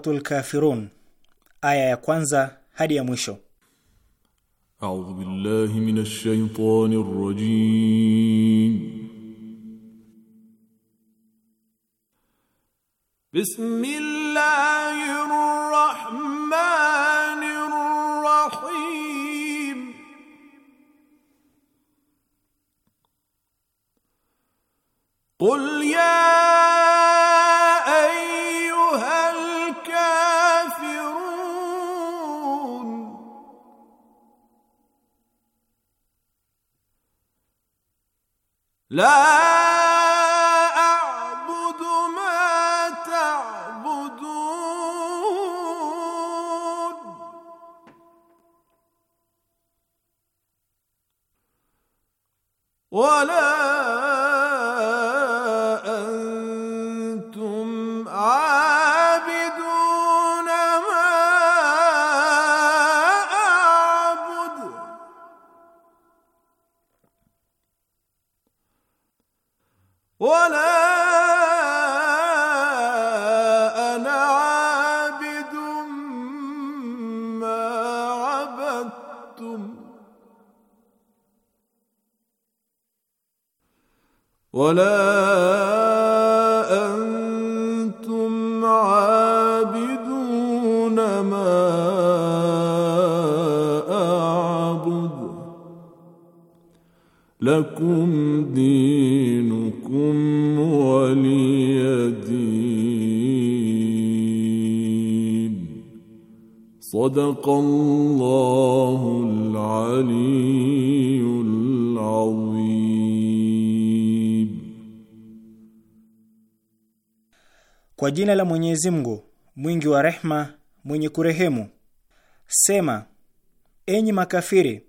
Suratul Kafirun aya ya kwanza hadi ya mwisho. A'udhu billahi minash shaitanir rajim. Bismillah ولا ولا jina la Mwenyezi Mungu mwingi wa rehma mwenye kurehemu. Sema, enyi makafiri,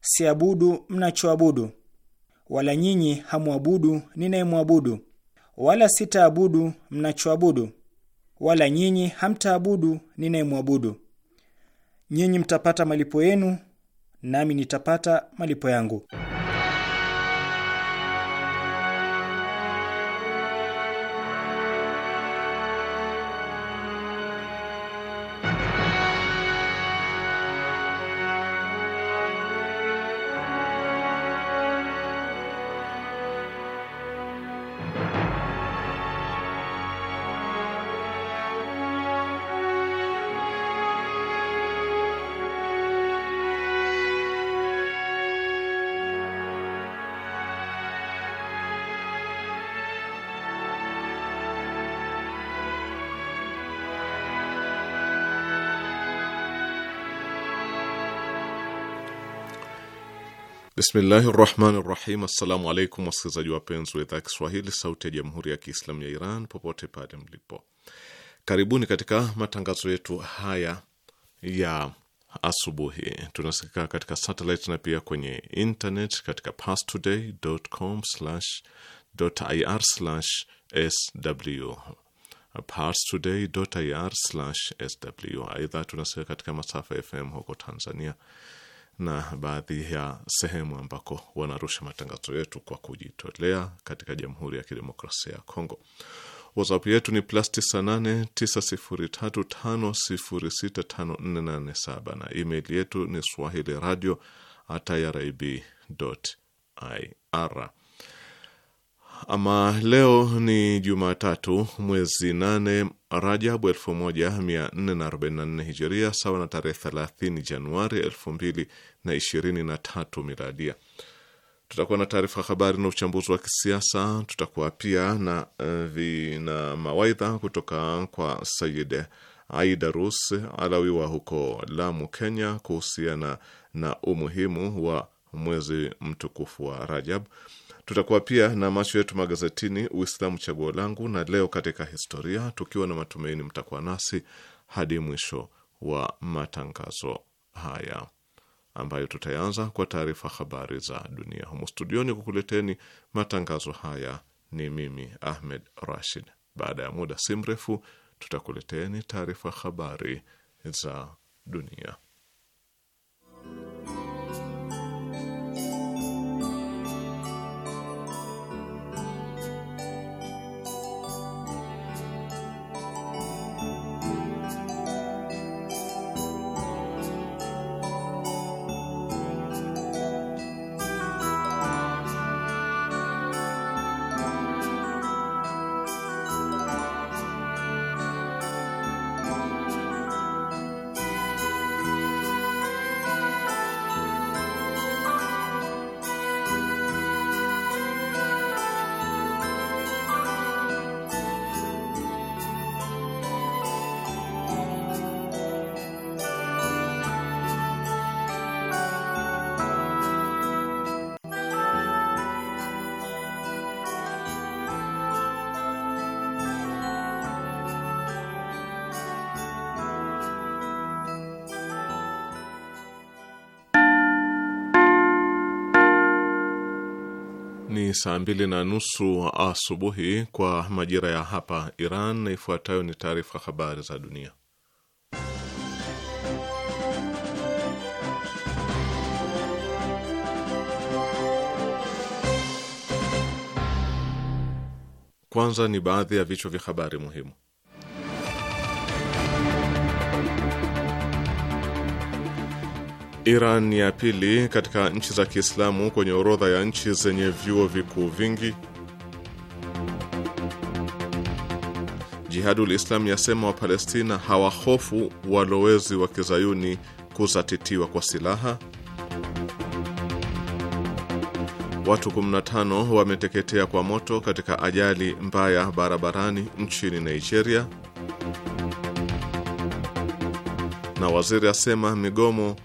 siabudu mnachoabudu, wala nyinyi hamwabudu ninayemwabudu, wala sitaabudu mnachoabudu, wala nyinyi hamtaabudu ninayemwabudu. Nyinyi mtapata malipo yenu, nami nitapata malipo yangu. Bismillahi rahmani rahim. Assalamu alaikum waskilizaji wapenzi wa idhaa Kiswahili sauti ya jamhuri ya kiislamu ya Iran popote pale mlipo, karibuni katika matangazo yetu haya ya asubuhi. Tunasikika katika satellite na pia kwenye internet katika parstoday.com/ir/sw parstoday.ir/sw. Aidha, tunasikika katika masafa FM huko Tanzania na baadhi ya sehemu ambako wanarusha matangazo yetu kwa kujitolea katika Jamhuri ya Kidemokrasia ya Kongo. WhatsApp yetu ni plus 989035065487 na email yetu ni swahili radio at irib ir. Ama leo ni Jumatatu, mwezi nane Rajabu 1444 Hijiria, sawa na tarehe 30 Januari 2023 Miladia. Tutakuwa na taarifa habari na uchambuzi wa kisiasa. Tutakuwa pia na eh, vina mawaidha kutoka kwa Sayid Aidarus Alawiwa huko Lamu, Kenya, kuhusiana na umuhimu wa mwezi mtukufu wa Rajab. Tutakuwa pia na macho yetu magazetini, Uislamu chaguo langu, na leo katika historia, tukiwa na matumaini mtakuwa nasi hadi mwisho wa matangazo haya ambayo tutaanza kwa taarifa habari za dunia. Humu studioni kukuleteni matangazo haya ni mimi Ahmed Rashid. Baada ya muda si mrefu, tutakuleteni taarifa habari za dunia. saa mbili na nusu asubuhi kwa majira ya hapa Iran, na ifuatayo ni taarifa habari za dunia. Kwanza ni baadhi ya vichwa vya habari muhimu. Iran ni ya pili katika nchi za Kiislamu kwenye orodha ya nchi zenye vyuo vikuu vingi. Jihadul Islam yasema Wapalestina hawahofu walowezi wa kizayuni kuzatitiwa kwa silaha. Watu 15 wameteketea kwa moto katika ajali mbaya barabarani nchini Nigeria. Na waziri asema migomo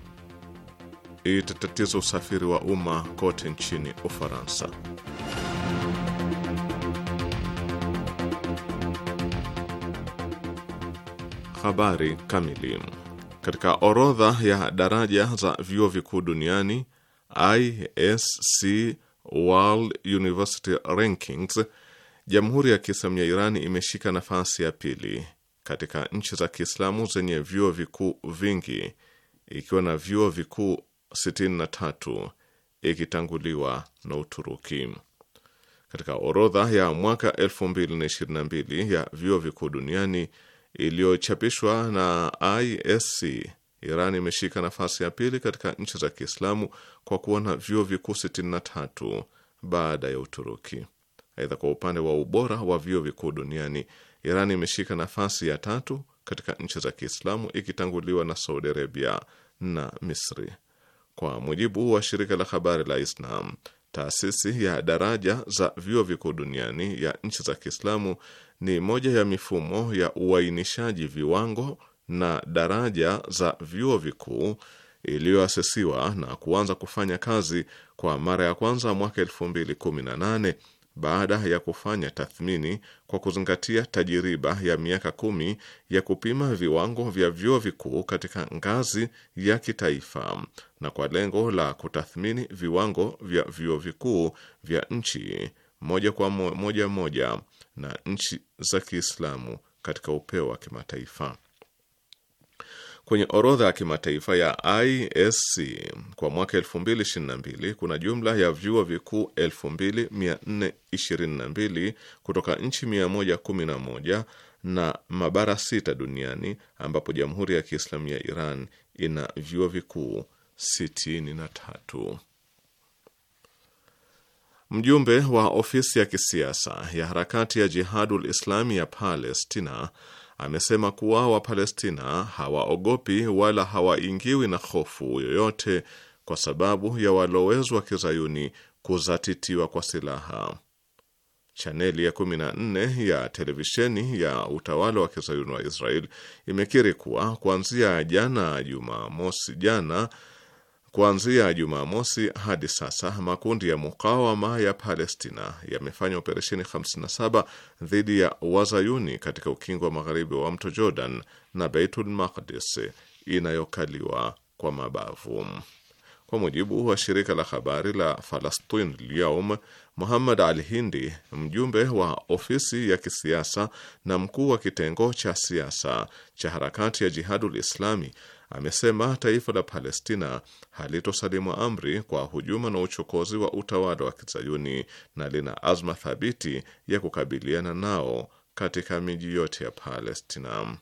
itatatiza usafiri wa umma kote nchini Ufaransa. Habari kamili. Katika orodha ya daraja za vyuo vikuu duniani, ISC World University Rankings, Jamhuri ya Kiislamu ya Iran imeshika nafasi ya pili katika nchi za Kiislamu zenye vyuo vikuu vingi, ikiwa na vyuo vikuu 63 ikitanguliwa na Uturuki. Katika orodha ya mwaka 2022 ya vyuo vikuu duniani iliyochapishwa na ISC, Iran imeshika nafasi ya pili katika nchi za Kiislamu kwa kuwa na vyuo vikuu 63 baada ya Uturuki. Aidha, kwa upande wa ubora wa vyuo vikuu duniani Iran imeshika nafasi ya tatu katika nchi za Kiislamu ikitanguliwa na Saudi Arabia na Misri. Kwa mujibu wa shirika la habari la Islam, taasisi ya daraja za vyuo vikuu duniani ya nchi za Kiislamu ni moja ya mifumo ya uainishaji viwango na daraja za vyuo vikuu iliyoasisiwa na kuanza kufanya kazi kwa mara ya kwanza mwaka 2018 baada ya kufanya tathmini kwa kuzingatia tajiriba ya miaka kumi ya kupima viwango vya vyuo vikuu katika ngazi ya kitaifa na kwa lengo la kutathmini viwango vya vyuo vikuu vya nchi moja kwa moja moja na nchi za Kiislamu katika upeo wa kimataifa. Kwenye orodha ya kimataifa ya ISC kwa mwaka 2022 kuna jumla ya vyuo vikuu 2422 kutoka nchi 111 na mabara sita duniani ambapo Jamhuri ya Kiislamu ya Iran ina vyuo vikuu 63. Mjumbe wa ofisi ya kisiasa ya harakati ya Jihadul Islami ya Palestina amesema kuwa Wapalestina hawaogopi wala hawaingiwi na hofu yoyote kwa sababu ya walowezi wa kizayuni kuzatitiwa kwa silaha. Chaneli ya 14 ya televisheni ya utawala wa kizayuni wa Israel imekiri kuwa kuanzia jana Jumamosi jana Kuanzia Jumamosi hadi sasa makundi ya mukawama ya Palestina yamefanya operesheni 57 dhidi ya wazayuni katika ukingo wa magharibi wa mto Jordan na Beitul Maqdis inayokaliwa kwa mabavu. Kwa mujibu wa shirika la habari la Falastin Lyaum, Muhammad Al Hindi, mjumbe wa ofisi ya kisiasa na mkuu wa kitengo cha siasa cha harakati ya Jihadul Islami, amesema taifa la Palestina halitosalimu amri kwa hujuma na uchokozi wa utawala wa Kizayuni na lina azma thabiti ya kukabiliana nao katika miji yote ya Palestina.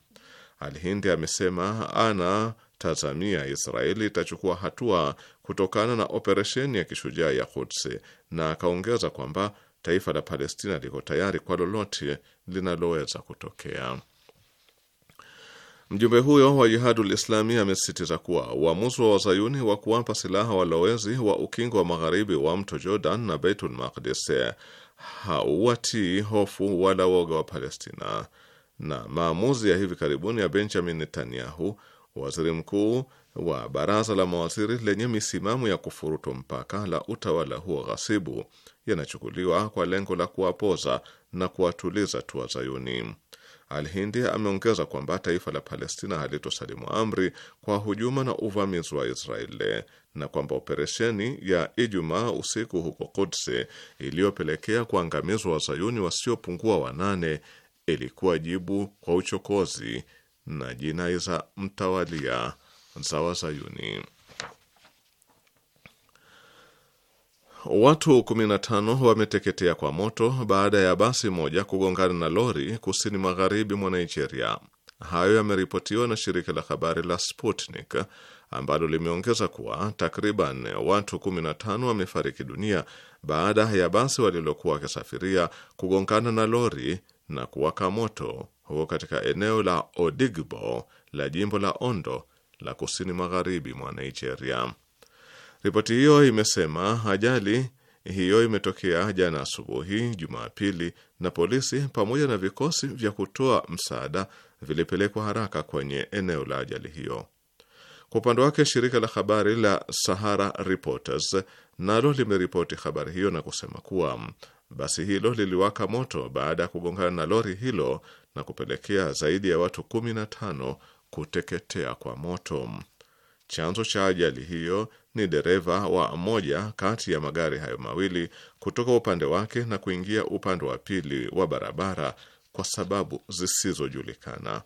Al Hindi amesema ana tatania Israeli itachukua hatua kutokana na operesheni ya kishujaa ya Kudsi, na akaongeza kwamba taifa la Palestina liko tayari kwa lolote linaloweza kutokea. Mjumbe huyo wa Jihadul Islami amesisitiza kuwa uamuzi wa wazayuni wa kuwapa silaha walowezi wa ukingo wa magharibi wa mto Jordan na Beitul Makdis hauwatii hofu wala woga wa Palestina, na maamuzi ya hivi karibuni ya Benjamin Netanyahu waziri mkuu wa baraza la mawaziri lenye misimamo ya kufurutu mpaka la utawala huo ghasibu yanachukuliwa kwa lengo la kuwapoza na kuwatuliza tu Wazayuni. Alhindi ameongeza kwamba taifa la Palestina halitosalimu amri kwa hujuma na uvamizi wa Israeli na kwamba operesheni ya Ijumaa usiku huko Kudsi iliyopelekea kuangamizwa Wazayuni wasiopungua wanane ilikuwa jibu kwa uchokozi na jinai za mtawalia za Wazayuni. Watu 15 wameteketea kwa moto baada ya basi moja kugongana na lori kusini magharibi mwa Nigeria. Hayo yameripotiwa na shirika la habari la Sputnik ambalo limeongeza kuwa takriban watu 15 wamefariki dunia baada ya basi walilokuwa wakisafiria kugongana na lori na kuwaka moto huko katika eneo la Odigbo la jimbo la Ondo la kusini magharibi mwa Nigeria. Ripoti hiyo imesema ajali hiyo imetokea jana asubuhi Jumapili, na polisi pamoja na vikosi vya kutoa msaada vilipelekwa haraka kwenye eneo la ajali hiyo. Kwa upande wake shirika la habari la Sahara Reporters nalo limeripoti habari hiyo na kusema kuwa basi hilo liliwaka moto baada ya kugongana na lori hilo na kupelekea zaidi ya watu kumi na tano kuteketea kwa moto. Chanzo cha ajali hiyo ni dereva wa moja kati ya magari hayo mawili kutoka upande wake na kuingia upande wa pili wa barabara kwa sababu zisizojulikana.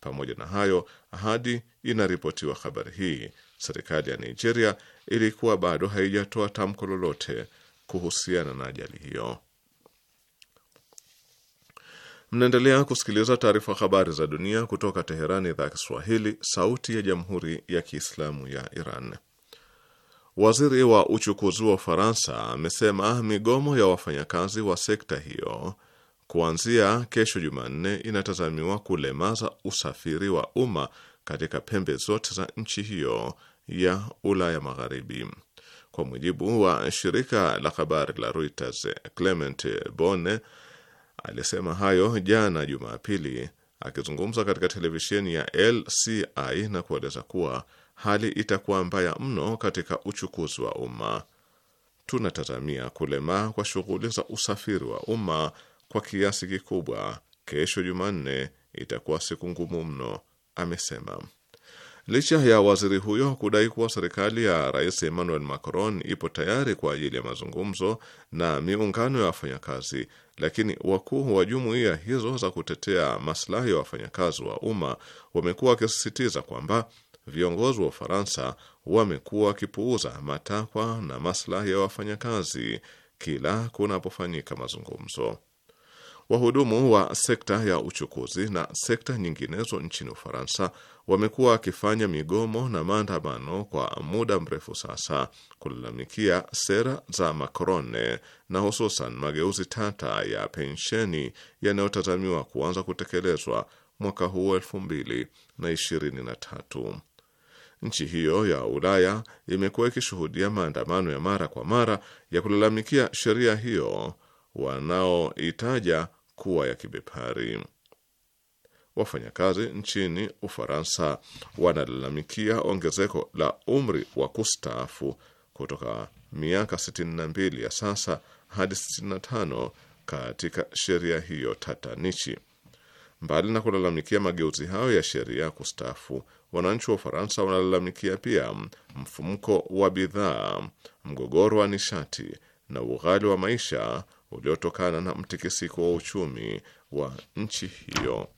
Pamoja na hayo, hadi inaripotiwa habari hii, serikali ya Nigeria ilikuwa bado haijatoa tamko lolote kuhusiana na ajali hiyo. Mnaendelea kusikiliza taarifa habari za dunia kutoka Teherani, idhaa ya Kiswahili, sauti ya jamhuri ya kiislamu ya Iran. Waziri wa uchukuzi wa Ufaransa amesema migomo ya wafanyakazi wa sekta hiyo kuanzia kesho Jumanne inatazamiwa kulemaza usafiri wa umma katika pembe zote za nchi hiyo ya Ulaya Magharibi. Kwa mujibu wa shirika la habari la Reuters, Clement Bonne alisema hayo jana Jumapili akizungumza katika televisheni ya LCI na kueleza kuwa hali itakuwa mbaya mno katika uchukuzi wa umma. Tunatazamia kulemaa kwa shughuli za usafiri wa umma kwa kiasi kikubwa. Kesho Jumanne itakuwa siku ngumu mno, amesema. Licha ya waziri huyo kudai kuwa serikali ya Rais Emmanuel Macron ipo tayari kwa ajili ya mazungumzo na miungano ya wafanyakazi, lakini wakuu wa jumuiya hizo za kutetea maslahi ya wafanyakazi wa umma wamekuwa wakisisitiza kwamba viongozi wa Ufaransa wamekuwa wakipuuza matakwa na maslahi ya wafanyakazi kila kunapofanyika mazungumzo. Wahudumu wa sekta ya uchukuzi na sekta nyinginezo nchini Ufaransa wamekuwa wakifanya migomo na maandamano kwa muda mrefu sasa kulalamikia sera za Macron na hususan mageuzi tata ya pensheni yanayotazamiwa kuanza kutekelezwa mwaka huu elfu mbili na ishirini na tatu. Nchi hiyo ya Ulaya imekuwa ikishuhudia maandamano ya mara kwa mara ya kulalamikia sheria hiyo wanaoitaja kuwa ya kibepari. Wafanyakazi nchini Ufaransa wanalalamikia ongezeko la umri wa kustaafu kutoka miaka 62 ya sasa hadi 65 katika sheria hiyo tatanishi. Mbali na kulalamikia mageuzi hayo ya sheria ya kustaafu, wananchi wa Ufaransa wanalalamikia pia mfumko wa bidhaa, mgogoro wa nishati na ughali wa maisha uliotokana na mtikisiko wa uchumi wa nchi hiyo.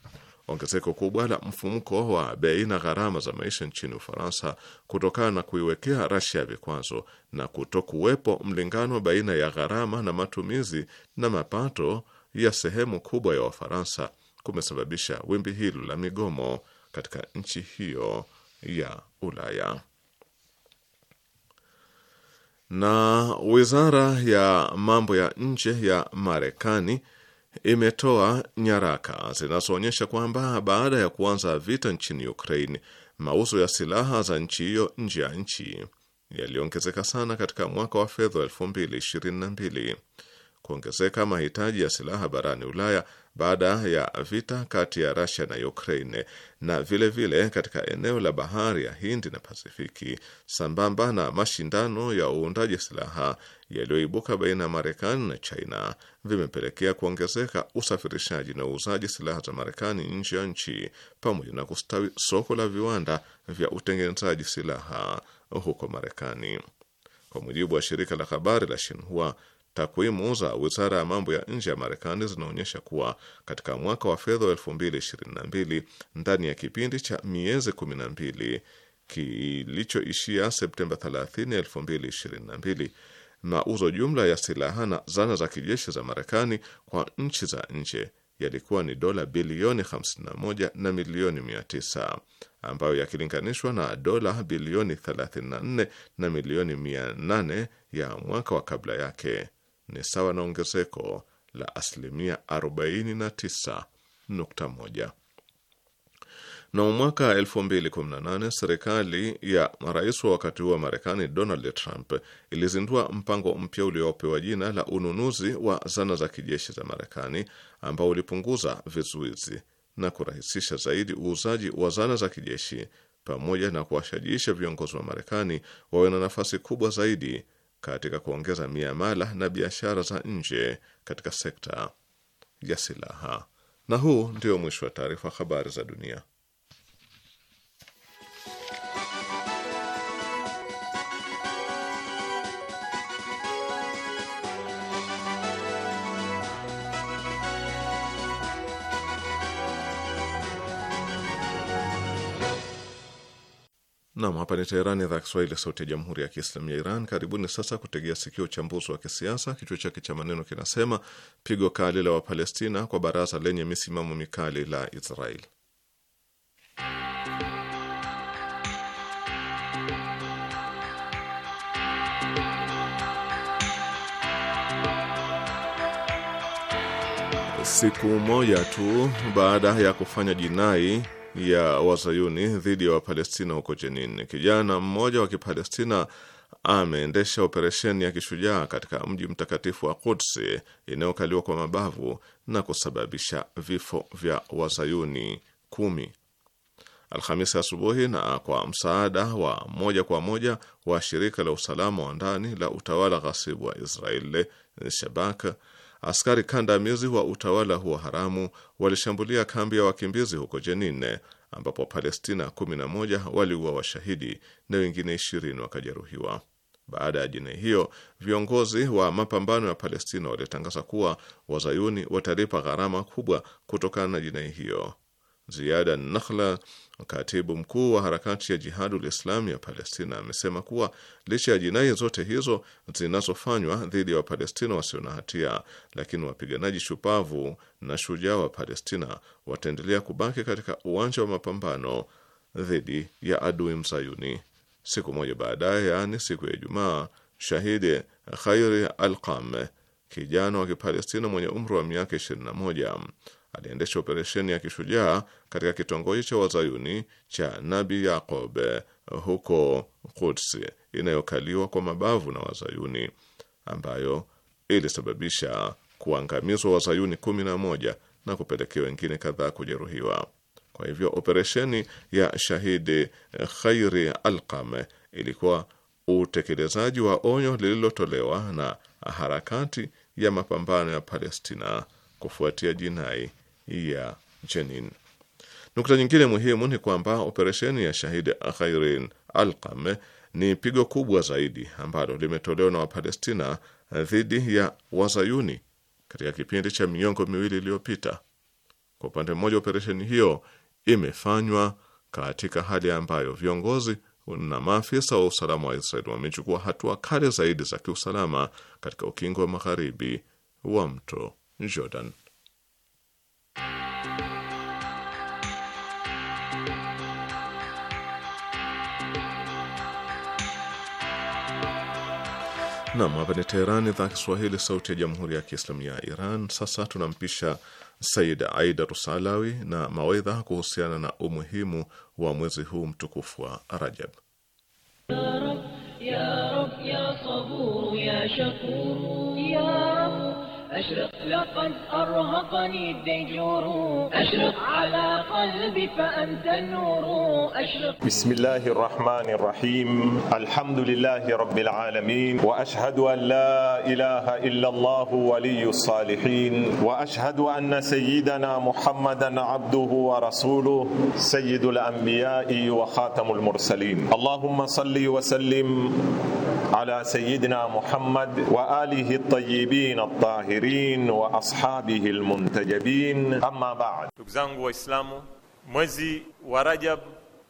Ongezeko kubwa la mfumuko wa bei na gharama za maisha nchini Ufaransa kutokana na kuiwekea Rasia vikwazo na kutokuwepo mlingano baina ya gharama na matumizi na mapato ya sehemu kubwa ya Wafaransa kumesababisha wimbi hilo la migomo katika nchi hiyo ya Ulaya. Na wizara ya mambo ya nje ya Marekani imetoa nyaraka zinazoonyesha kwamba baada ya kuanza vita nchini Ukraine, mauzo ya silaha za nchi hiyo nje ya nchi yaliongezeka sana katika mwaka wa fedha 2022. Kuongezeka mahitaji ya silaha barani Ulaya baada ya vita kati ya rasia na Ukraine na vilevile vile katika eneo la bahari ya Hindi na Pasifiki, sambamba na mashindano ya uundaji silaha yaliyoibuka baina ya Marekani na China vimepelekea kuongezeka usafirishaji na uuzaji silaha za Marekani nje ya nchi pamoja na kustawi soko la viwanda vya utengenezaji silaha huko Marekani. Kwa mujibu wa shirika la habari la Shinhua, Takwimu za wizara ya mambo ya nje ya Marekani zinaonyesha kuwa katika mwaka wa fedha wa 2022 ndani ya kipindi cha miezi 12 kilichoishia Septemba 30, 2022 mauzo jumla ya silaha na zana za kijeshi za Marekani kwa nchi za nje yalikuwa ni dola bilioni 51 na milioni 900 ambayo yakilinganishwa na dola bilioni 34 na milioni 800 ya mwaka wa kabla yake ni sawa na ongezeko la asilimia 49.1. Mnamo mwaka 2018 serikali ya rais wa wakati huo wa Marekani Donald Trump ilizindua mpango mpya uliopewa jina la ununuzi wa zana za kijeshi za Marekani ambao ulipunguza vizuizi na kurahisisha zaidi uuzaji wa zana za kijeshi pamoja na kuwashajiisha viongozi wa Marekani wawe na nafasi kubwa zaidi katika kuongeza miamala na biashara za nje katika sekta ya silaha. Na huu ndio mwisho wa taarifa habari za dunia. Nam, hapa ni Teherani, idhaa ya Kiswahili, sauti ya jamhuri ya kiislamu ya Iran. Karibuni sasa kutegea sikio uchambuzi wa kisiasa, kichwa chake cha maneno kinasema pigo kali la Wapalestina kwa baraza lenye misimamo mikali la Israel. Siku moja tu baada ya kufanya jinai ya wazayuni dhidi ya Wapalestina huko Jenin. Kijana mmoja wa Kipalestina ameendesha operesheni ya kishujaa katika mji mtakatifu wa Kudsi inayokaliwa kwa mabavu na kusababisha vifo vya wazayuni kumi Alhamisi asubuhi, na kwa msaada wa moja kwa moja wa shirika la usalama wa ndani la utawala ghasibu wa Israeli Shabak askari kandamizi wa utawala huo haramu walishambulia kambi ya wakimbizi huko Jenine, ambapo Palestina 11 waliua washahidi na wengine 20 wakajeruhiwa. Baada ya jinai hiyo, viongozi wa mapambano ya Palestina walitangaza kuwa wazayuni watalipa gharama kubwa kutokana na jinai hiyo Ziada Nakhla, katibu mkuu wa harakati ya Jihadul Islami ya Palestina, amesema kuwa licha ya jinai zote hizo zinazofanywa dhidi ya Wapalestina wasio na hatia, lakini wapiganaji shupavu na shujaa wa Palestina wataendelea kubaki katika uwanja wa mapambano dhidi ya adui mzayuni. Siku moja baadaye, yaani siku ya Ijumaa, shahidi Khairi Alqame, kijana wa Kipalestina mwenye umri wa miaka 21 aliendesha operesheni ya kishujaa katika kitongoji cha wazayuni cha Nabi Yakob eh, huko Quds inayokaliwa kwa mabavu na wazayuni ambayo ilisababisha kuangamizwa wazayuni kumi na moja na kupelekea wengine kadhaa kujeruhiwa. Kwa hivyo operesheni ya Shahidi eh, Khairi Alqam eh, ilikuwa utekelezaji wa onyo lililotolewa na harakati ya mapambano ya Palestina kufuatia jinai ya Jenin. Nukta nyingine muhimu ni kwamba operesheni ya Shahidi ghairin Alqam ni pigo kubwa zaidi ambalo limetolewa na Wapalestina dhidi ya Wazayuni katika kipindi cha miongo miwili iliyopita. Kwa upande mmoja, operesheni hiyo imefanywa katika hali ambayo viongozi na maafisa wa usalama wa Israeli wamechukua hatua kali zaidi za kiusalama katika ukingo wa magharibi wa mto Jordan. Nam, hapa ni Teherani, idhaa Kiswahili, sauti ya jamhuri ya kiislamu ya Iran. Sasa tunampisha Said Aida Rusalawi na mawaidha kuhusiana na umuhimu wa mwezi huu mtukufu wa Rajab. Ya Rab, ya Rab, ya Sabur, ya Shakur أشرق لقد أرهقني الدجور أشرق على قلبي فأنت النور أشرق بسم الله الرحمن الرحيم الحمد لله رب العالمين وأشهد أن لا إله إلا الله ولي الصالحين وأشهد أن سيدنا محمدا عبده ورسوله سيد الأنبياء وخاتم المرسلين اللهم صل وسلم ala sayyidina Muhammad wa alihi at-tayyibin at-tahirin wa ashabihi al-muntajabin, amma ba'd. Ndugu zangu Waislamu, mwezi wa Rajab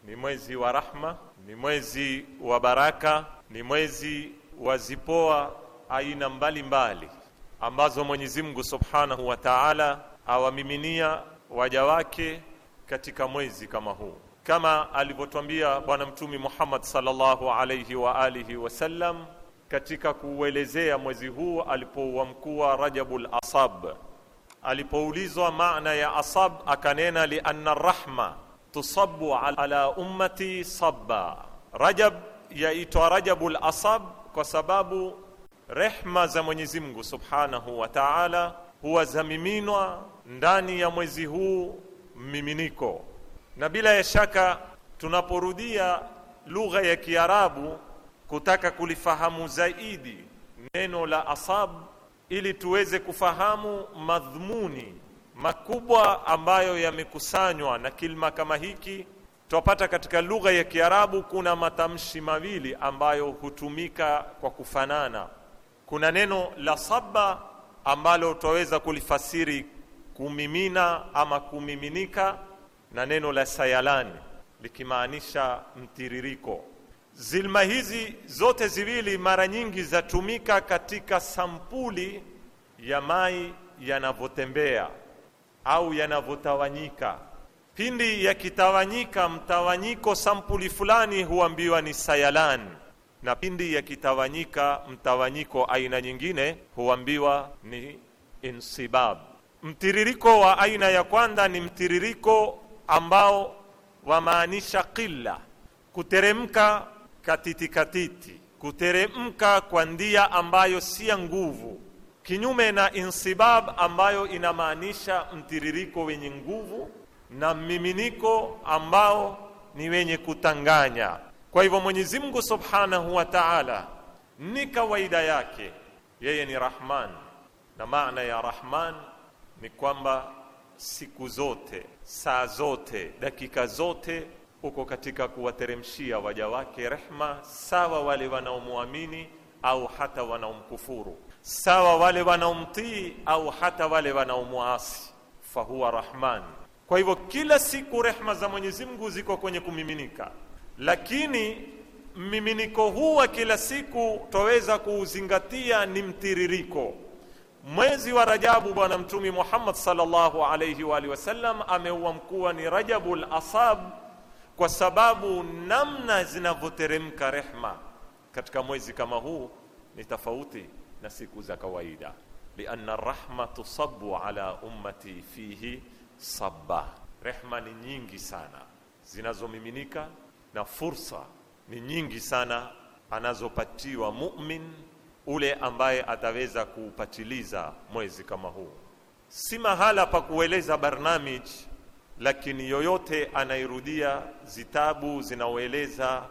ni mwezi wa rahma, ni mwezi wa baraka, ni mwezi wa zipoa aina mbalimbali ambazo Mwenyezi Mungu Subhanahu wa Ta'ala awamiminia waja wake katika mwezi kama huu kama alivyotwambia Bwana Mtumi Muhammad sallallahu alayhi wa alihi wasallam katika kuuelezea mwezi huu alipouamkua Rajabul Asab. Alipoulizwa maana ya asab, akanena anna rahma tusabu ala ummati sabba. Rajab yaitwa Rajabul Asab kwa sababu rehma za Mwenyezi Mungu subhanahu wa taala huwa zamiminwa ndani ya mwezi huu miminiko na bila ya shaka tunaporudia lugha ya Kiarabu kutaka kulifahamu zaidi neno la asab, ili tuweze kufahamu madhumuni makubwa ambayo yamekusanywa na kilma kama hiki, twapata katika lugha ya Kiarabu kuna matamshi mawili ambayo hutumika kwa kufanana. Kuna neno la saba ambalo twaweza kulifasiri kumimina ama kumiminika na neno la sayalan likimaanisha mtiririko. Zilma hizi zote ziwili mara nyingi zatumika katika sampuli ya mai yanavyotembea au yanavyotawanyika. Pindi yakitawanyika mtawanyiko sampuli fulani huambiwa ni sayalan, na pindi yakitawanyika mtawanyiko aina nyingine huambiwa ni insibab. Mtiririko wa aina ya kwanza ni mtiririko ambao wamaanisha qilla, kuteremka katiti katiti, kuteremka kwa ndia ambayo si ya nguvu, kinyume na insibab ambayo inamaanisha mtiririko wenye nguvu na mmiminiko ambao ni wenye kutanganya. Kwa hivyo Mwenyezi Mungu Subhanahu wa Ta'ala, ni kawaida yake yeye ni Rahman, na maana ya Rahman ni kwamba siku zote, saa zote, dakika zote uko katika kuwateremshia waja wake rehma, sawa wale wanaomwamini au hata wanaomkufuru, sawa wale wanaomtii au hata wale wanaomwasi. Fahuwa rahman. Kwa hivyo kila siku rehma za Mwenyezi Mungu ziko kwenye kumiminika, lakini mmiminiko huu wa kila siku twaweza kuuzingatia ni mtiririko Mwezi wa Rajabu, Bwana Mtume Muhammad sallallahu alayhi wa alihi wasallam ameuamkua ni Rajabul Asab kwa sababu namna zinavyoteremka rehma katika mwezi kama huu ni tofauti na siku za kawaida, lianna rahma tusabu ala ummati fihi sabba, rehma ni nyingi sana zinazomiminika na fursa ni nyingi sana anazopatiwa mumin ule ambaye ataweza kuupatiliza mwezi kama huu. Si mahala pa kueleza barnamij, lakini yoyote anairudia zitabu zinaoeleza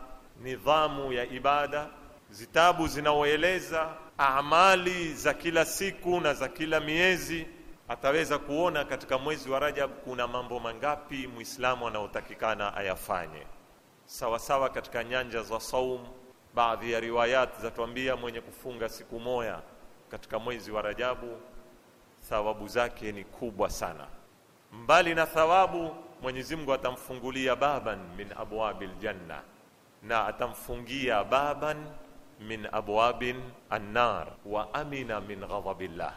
nidhamu ya ibada, zitabu zinaoeleza amali za kila siku na za kila miezi, ataweza kuona katika mwezi wa Rajab kuna mambo mangapi Muislamu anaotakikana ayafanye sawasawa katika nyanja za saumu baadhi ya riwayat zatuambia mwenye kufunga siku moja katika mwezi wa Rajabu thawabu zake ni kubwa sana. Mbali na thawabu, Mwenyezi Mungu atamfungulia baban min abwabil janna, na atamfungia baban min abwabin annar wa amina min ghadabillah,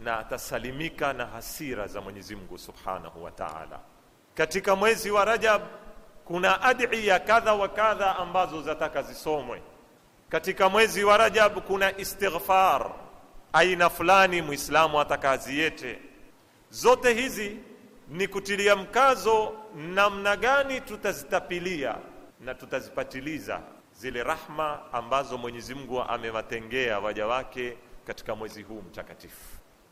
na atasalimika na hasira za Mwenyezi Mungu subhanahu wa ta'ala. Katika mwezi wa Rajab kuna adhiya kadha wa kadha ambazo zataka zisomwe katika mwezi wa Rajab kuna istighfar aina fulani muislamu atakaziete. Zote hizi ni kutilia mkazo namna gani tutazitapilia na tutazipatiliza zile rahma ambazo Mwenyezi Mungu amewatengea waja wake katika mwezi huu mtakatifu.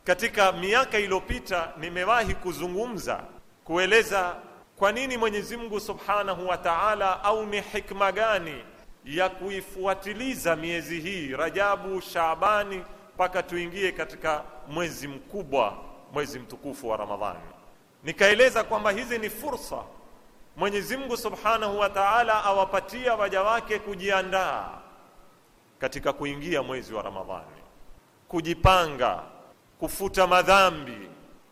Katika miaka iliyopita nimewahi kuzungumza kueleza kwa nini Mwenyezi Mungu Subhanahu wa Ta'ala, au ni hikma gani ya kuifuatiliza miezi hii Rajabu, Shaabani mpaka tuingie katika mwezi mkubwa, mwezi mtukufu wa Ramadhani. Nikaeleza kwamba hizi ni fursa Mwenyezi Mungu Subhanahu wa Ta'ala awapatia waja wake kujiandaa katika kuingia mwezi wa Ramadhani, kujipanga, kufuta madhambi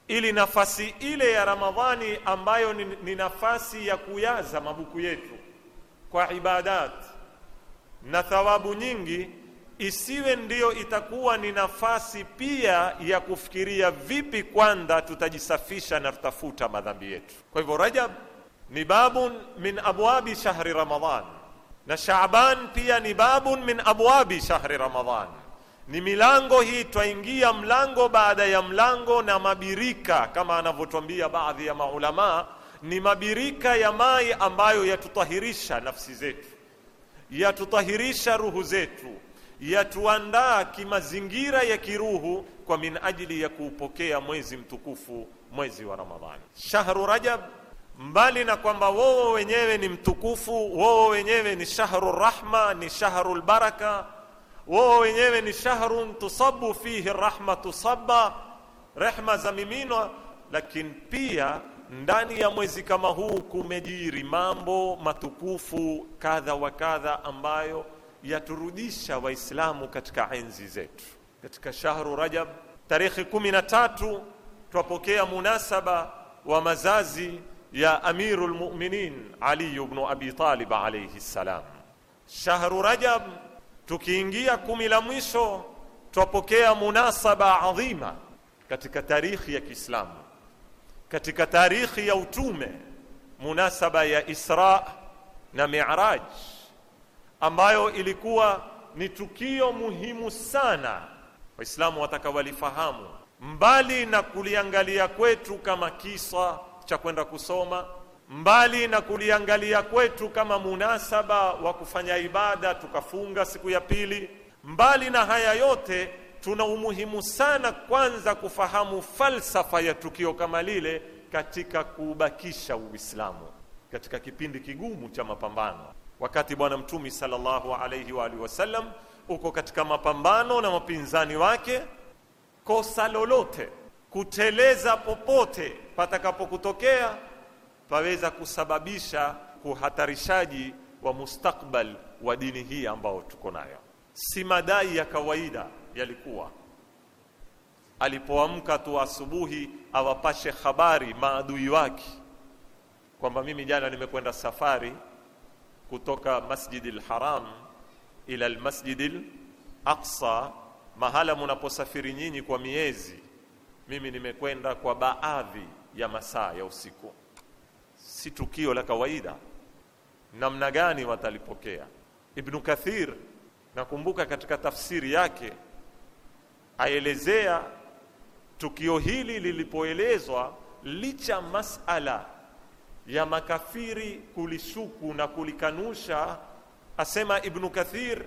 ili nafasi ile ya Ramadhani ambayo ni, ni nafasi ya kuyaza mabuku yetu kwa ibadat na thawabu nyingi isiwe ndiyo itakuwa ni nafasi pia ya kufikiria vipi kwanza tutajisafisha na tutafuta madhambi yetu. Kwa hivyo Rajab ni babun min abwabi shahri Ramadhan, na Shaaban pia ni babun min abwabi shahri Ramadhan. Ni milango hii, twaingia mlango baada ya mlango, na mabirika kama anavyotwambia baadhi ya maulamaa, ni mabirika ya mai ambayo yatutahirisha nafsi zetu yatutahirisha ruhu zetu yatuandaa kimazingira ya kiruhu kwa min ajili ya kuupokea mwezi mtukufu mwezi wa Ramadhani shahru Rajab mbali na kwamba wowo wenyewe ni mtukufu, wowo wenyewe ni shahru rahma, ni shahru lbaraka, wowo wenyewe ni shahrun tusabu fihi rahma, tusaba rehma za miminwa, lakini pia ndani ya mwezi kama huu kumejiri mambo matukufu kadha wa kadha ambayo yaturudisha Waislamu katika enzi zetu. Katika shahru Rajab tarehe kumi na tatu twapokea munasaba wa mazazi ya Amiru lmuminin Ali bnu Abi Talib alayhi ssalam. Shahru Rajab tukiingia kumi la mwisho twapokea munasaba adhima katika tarikhi ya Kiislamu katika tarikhi ya utume munasaba ya Isra na Mi'raj ambayo ilikuwa ni tukio muhimu sana Waislamu watakawalifahamu, mbali na kuliangalia kwetu kama kisa cha kwenda kusoma, mbali na kuliangalia kwetu kama munasaba wa kufanya ibada tukafunga siku ya pili, mbali na haya yote tuna umuhimu sana kwanza kufahamu falsafa ya tukio kama lile katika kuubakisha Uislamu katika kipindi kigumu cha mapambano. Wakati Bwana Mtume sallallahu alayhi wa alihi wasallam uko katika mapambano na wapinzani wake, kosa lolote kuteleza popote patakapokutokea paweza kusababisha uhatarishaji wa mustakbal wa dini hii ambao tuko nayo. Si madai ya kawaida yalikuwa alipoamka tu asubuhi awapashe habari maadui wake kwamba mimi jana nimekwenda safari kutoka Masjidil Haram ila Almasjidil Aqsa, mahala mnaposafiri nyinyi kwa miezi, mimi nimekwenda kwa baadhi ya masaa ya usiku. Si tukio la kawaida. Namna gani watalipokea? Ibn Kathir nakumbuka katika tafsiri yake aelezea tukio hili lilipoelezwa, licha masala ya makafiri kulisuku na kulikanusha, asema Ibnu Kathir,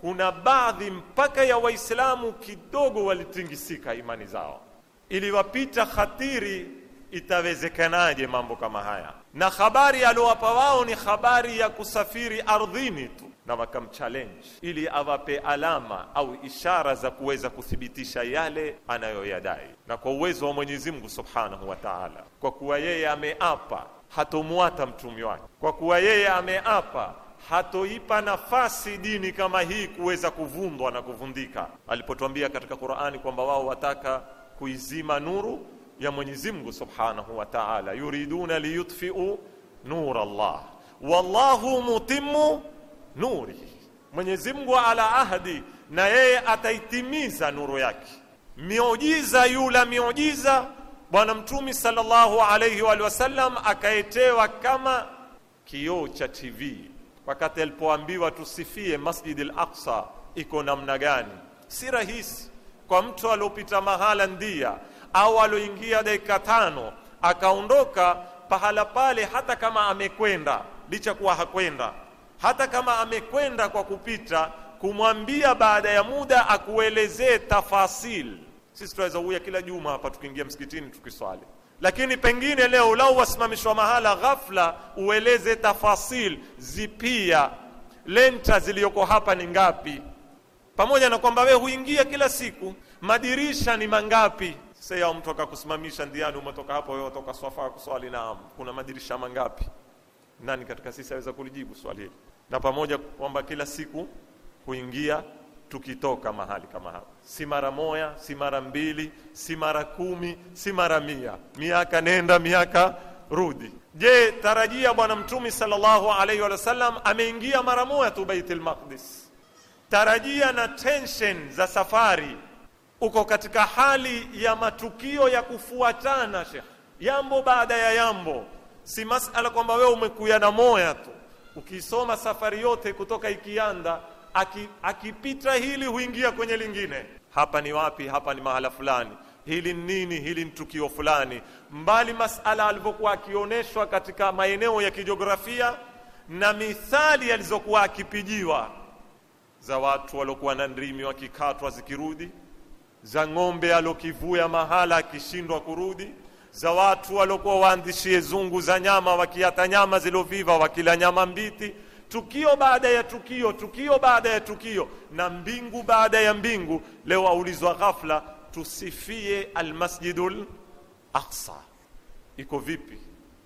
kuna baadhi mpaka ya Waislamu kidogo walitingisika imani zao, iliwapita khatiri, itawezekanaje mambo kama haya? Na habari aliowapa wao ni habari ya kusafiri ardhini tu na wakamchallenge ili awape alama au ishara za kuweza kuthibitisha yale anayoyadai, na kwa uwezo wa Mwenyezi Mungu Subhanahu wa Ta'ala, kwa kuwa yeye ameapa hatomwata mtumi wake, kwa kuwa yeye ameapa hatoipa nafasi dini kama hii kuweza kuvundwa na kuvundika, alipotwambia katika Qur'ani kwamba wao wataka kuizima nuru ya Mwenyezi Mungu Subhanahu wa Ta'ala, yuriduna liyutfiu nur Allah wallahu mutimmu nuri Mwenyezi Mungu ala ahadi na yeye ataitimiza nuru yake. Miujiza yula miujiza Bwana Mtumi sallallahu alayhi wa sallam akaetewa kama kioo cha TV wakati alipoambiwa tusifie Masjid al-Aqsa iko namna gani. Si rahisi kwa mtu aliopita mahala ndia au alioingia dakika tano akaondoka pahala pale, hata kama amekwenda licha kuwa hakwenda hata kama amekwenda kwa kupita, kumwambia baada ya muda akuelezee tafasil. Sisi tunaweza uya kila juma hapa tukiingia msikitini tukiswali, lakini pengine leo lau wasimamishwa mahala ghafla, ueleze tafasil zipia lenta ziliyoko hapa ni ngapi, pamoja na kwamba wewe huingia kila siku, madirisha ni mangapi? Sasa yao mtu akakusimamisha ndiani, umetoka hapo wewe utoka swafa kuswali, naam, kuna madirisha mangapi? Nani katika sisi aweza kulijibu swali hili? na pamoja kwamba kila siku kuingia tukitoka mahali kama hapa, si mara moya, si mara mbili, si mara kumi, si mara mia, miaka nenda miaka rudi. Je, tarajia Bwana Mtume sallallahu alaihi wasallam ameingia mara moja tu Baitul Maqdis, tarajia na tension za safari. Uko katika hali ya matukio ya kufuatana, Sheikh, yambo baada ya yambo, si masala kwamba wewe umekuya na moya tu ukisoma safari yote kutoka ikianda aki, akipita hili huingia kwenye lingine. Hapa ni wapi? Hapa ni mahala fulani. Hili nini? Hili ni tukio fulani. Mbali masala alivyokuwa akioneshwa katika maeneo ya kijiografia na mithali alizokuwa akipijiwa za watu waliokuwa na ndrimi wakikatwa zikirudi, za ng'ombe alokivuya mahala akishindwa kurudi za watu waliokuwa waandishie zungu za nyama, wakiata nyama ziloviva, wakila nyama mbiti, tukio baada ya tukio, tukio baada ya tukio, na mbingu baada ya mbingu. Leo aulizwa ghafla, tusifie Almasjidul Aqsa iko vipi?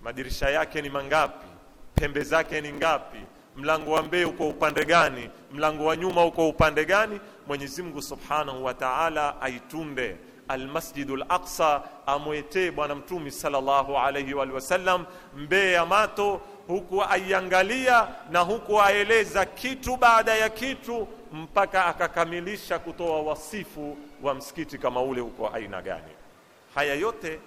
Madirisha yake ni mangapi? Pembe zake ni ngapi? Mlango wa mbele uko upande gani? Mlango wa nyuma uko upande gani? Mwenyezi Mungu Subhanahu wa Ta'ala aitunde al aqsa amwetee bwana mtumi sallallahu alayhi wa sallam mbee ya mato huku aiangalia na huku aeleza kitu baada ya kitu mpaka akakamilisha kutoa wasifu wa msikiti kama ule uko aina gani haya yote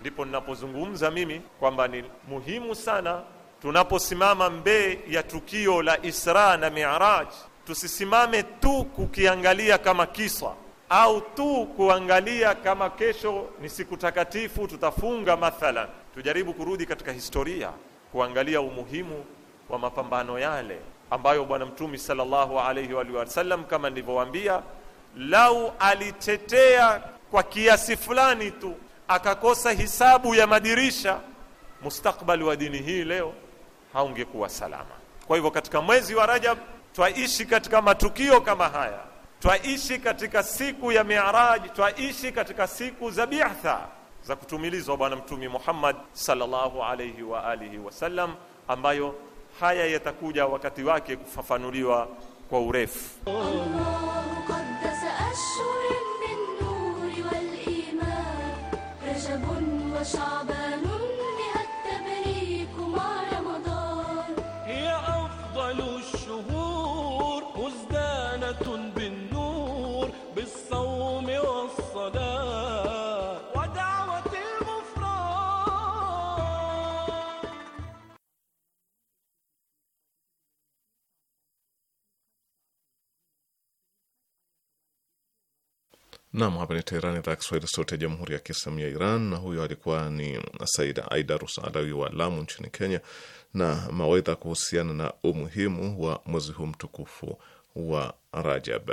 ndipo ninapozungumza mimi kwamba ni muhimu sana tunaposimama mbee ya tukio la Isra na Mi'raj tusisimame tu kukiangalia kama kisa au tu kuangalia kama kesho ni siku takatifu tutafunga mathalan. Tujaribu kurudi katika historia kuangalia umuhimu wa mapambano yale ambayo Bwana Mtume sallallahu alaihi wa sallam, kama nilivyowaambia, lau alitetea kwa kiasi fulani tu akakosa hisabu ya madirisha, mustakbali wa dini hii leo haungekuwa salama. Kwa hivyo katika mwezi wa Rajab twaishi katika matukio kama haya twaishi katika siku ya Mi'raj, twaishi katika siku za bi'tha za kutumilizwa Bwana Mtume Muhammad sallallahu alayhi wa alihi wasallam, ambayo haya yatakuja wakati wake kufafanuliwa kwa urefu. Allahu Nam, hapa ni Teherani, idhaa ya Kiswahili, sauti ya jamhuri ya kiislamia ya Iran. Na huyo alikuwa ni Saida Aidarus Alawi wa Lamu nchini Kenya, na mawaidha kuhusiana na umuhimu wa mwezi huu mtukufu wa Rajab.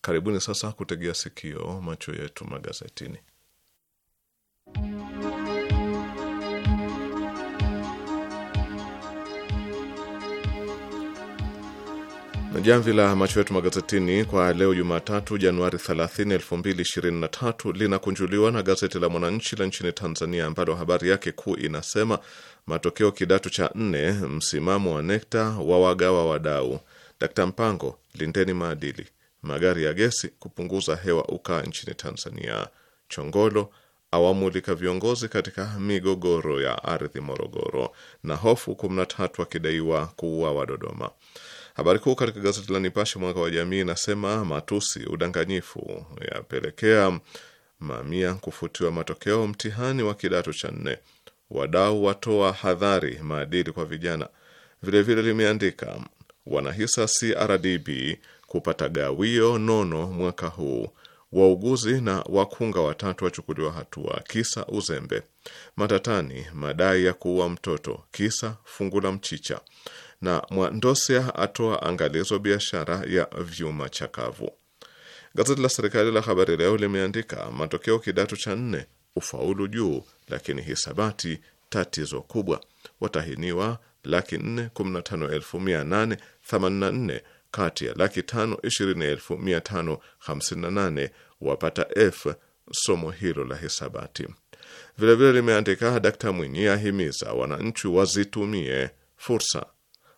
Karibuni sasa kutegea sikio macho yetu magazetini. Na jamvi la macho yetu magazetini kwa leo Jumatatu, Januari 30, 2023 linakunjuliwa na gazeti la Mwananchi la nchini Tanzania, ambalo habari yake kuu inasema matokeo kidato cha nne, msimamo wa NECTA wagawa wadau, Dkt Mpango, lindeni maadili, magari ya gesi kupunguza hewa ukaa nchini Tanzania, Chongolo awamulika viongozi katika migogoro ya ardhi Morogoro, na hofu 13 wakidaiwa kuuawa Dodoma. Habari kuu katika gazeti la Nipashe mwaka wa jamii inasema matusi, udanganyifu yapelekea mamia kufutiwa matokeo mtihani wa kidato cha nne. Wadau watoa hadhari maadili kwa vijana. Vilevile limeandika wanahisa CRDB kupata gawio nono mwaka huu. Wauguzi na wakunga watatu wachukuliwa hatua kisa uzembe. Matatani madai ya kuua mtoto kisa fungu la mchicha na Mwandosia atoa angalizo biashara ya vyuma chakavu. Gazeti la serikali la Habari Leo limeandika matokeo kidato cha nne ufaulu juu, lakini hisabati tatizo kubwa, watahiniwa laki nne kumi na tano elfu mia nane themanini na nne kati ya laki tano ishirini elfu mia tano hamsini na nane wapata F somo hilo la hisabati. Vilevile limeandika Dkt Mwinyi ahimiza wananchi wazitumie fursa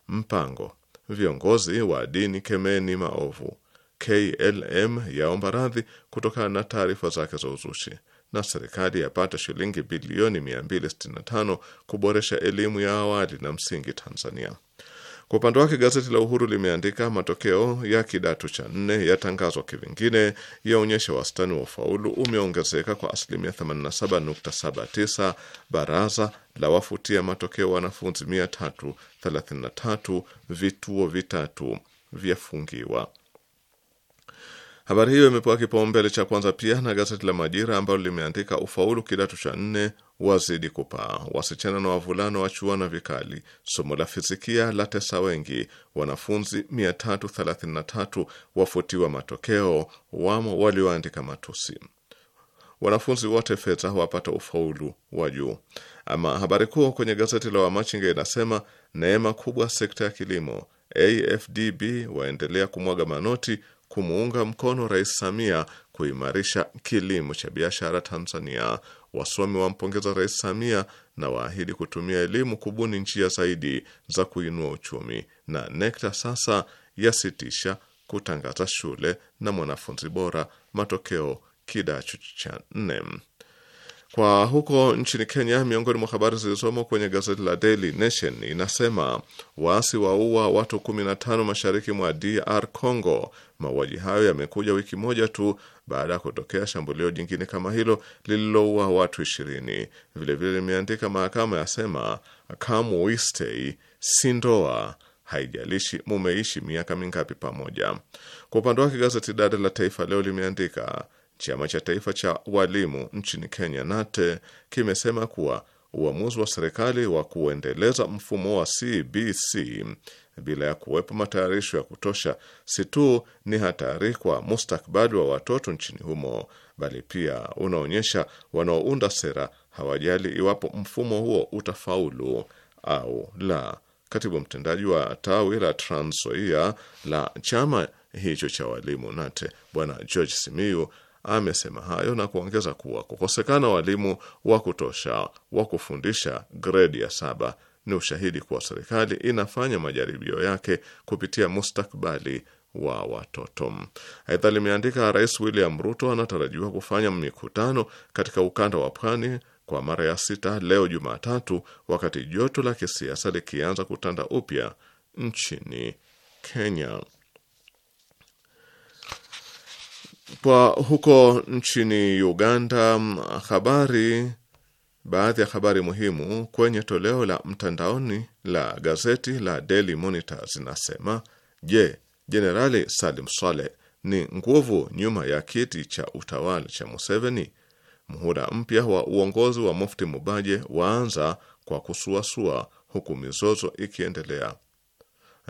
mpango. Viongozi wa dini kemeni maovu. KLM yaomba radhi kutokana na taarifa zake za uzushi. Na serikali yapata shilingi bilioni 265 kuboresha elimu ya awali na msingi Tanzania. Kwa upande wake gazeti la Uhuru limeandika matokeo ya kidato cha nne yatangazwa kivingine, yaonyesha wastani wa ufaulu umeongezeka kwa asilimia 87.79. Baraza la wafutia matokeo wanafunzi 333, vituo vitatu vyafungiwa. Habari hiyo imepewa kipaumbele cha kwanza pia na gazeti la Majira ambalo limeandika ufaulu kidato cha nne wazidi kupaa, wasichana na wavulana wachuana vikali, somo la fizikia la tesa wengi, wanafunzi 333 wafutiwa matokeo, wamo walioandika matusi, wanafunzi wote fedha wapata ufaulu wa juu. Ama habari kuu kwenye gazeti la Wamachinga inasema neema kubwa sekta ya kilimo, AFDB waendelea kumwaga manoti kumuunga mkono Rais Samia kuimarisha kilimo cha biashara Tanzania. Wasomi wampongeza Rais Samia na waahidi kutumia elimu kubuni njia zaidi za kuinua uchumi. Na NECTA sasa yasitisha kutangaza shule na mwanafunzi bora matokeo kidacho cha nne. Kwa huko nchini Kenya, miongoni mwa habari zilizomo kwenye gazeti la Daily Nation inasema waasi waua watu 15 mashariki mwa DR Congo. Mauaji hayo yamekuja wiki moja tu baada ya kutokea shambulio jingine kama hilo lililoua watu 20. Vilevile limeandika mahakama yasema come we stay, si ndoa haijalishi mumeishi miaka mingapi pamoja. Kwa upande wake gazeti dada la Taifa Leo limeandika Chama cha taifa cha walimu nchini Kenya, NATE, kimesema kuwa uamuzi wa serikali wa kuendeleza mfumo wa CBC bila ya kuwepo matayarisho ya kutosha, si tu ni hatari kwa mustakabali wa watoto nchini humo, bali pia unaonyesha wanaounda sera hawajali iwapo mfumo huo utafaulu au la. Katibu mtendaji wa tawi la Trans Nzoia la chama hicho cha walimu NATE, Bwana George Simiyu amesema hayo na kuongeza kuwa kukosekana walimu wa kutosha wa kufundisha gredi ya saba ni ushahidi kuwa serikali inafanya majaribio yake kupitia mustakbali wa watoto. Aidha, limeandika Rais William Ruto anatarajiwa kufanya mikutano katika ukanda wa pwani kwa mara ya sita leo Jumatatu, wakati joto la kisiasa likianza kutanda upya nchini Kenya. Kwa huko nchini Uganda, habari baadhi ya habari muhimu kwenye toleo la mtandaoni la gazeti la Daily Monitor zinasema: Je, Jenerali Salim Saleh ni nguvu nyuma ya kiti cha utawala cha Museveni? Muhula mpya wa uongozi wa Mufti Mubaje waanza kwa kusuasua huku mizozo ikiendelea.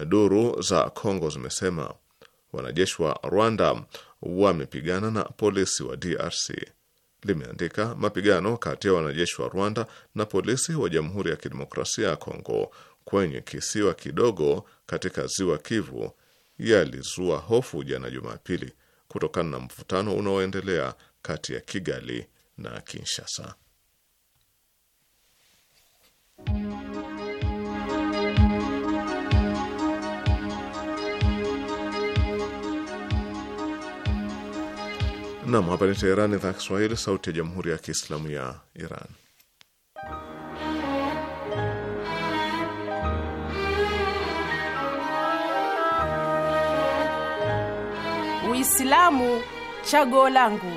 Duru za Kongo zimesema wanajeshi wa Rwanda wamepigana na polisi wa DRC. Limeandika mapigano kati ya wanajeshi wa Rwanda na polisi wa Jamhuri ya Kidemokrasia ya Kongo kwenye kisiwa kidogo katika ziwa Kivu yalizua hofu jana Jumapili kutokana na mvutano unaoendelea kati ya Kigali na Kinshasa. Nam, hapa ni teheran idhaa Kiswahili, sauti ya jamhuri ya kiislamu ya Iran. Uislamu chaguo langu.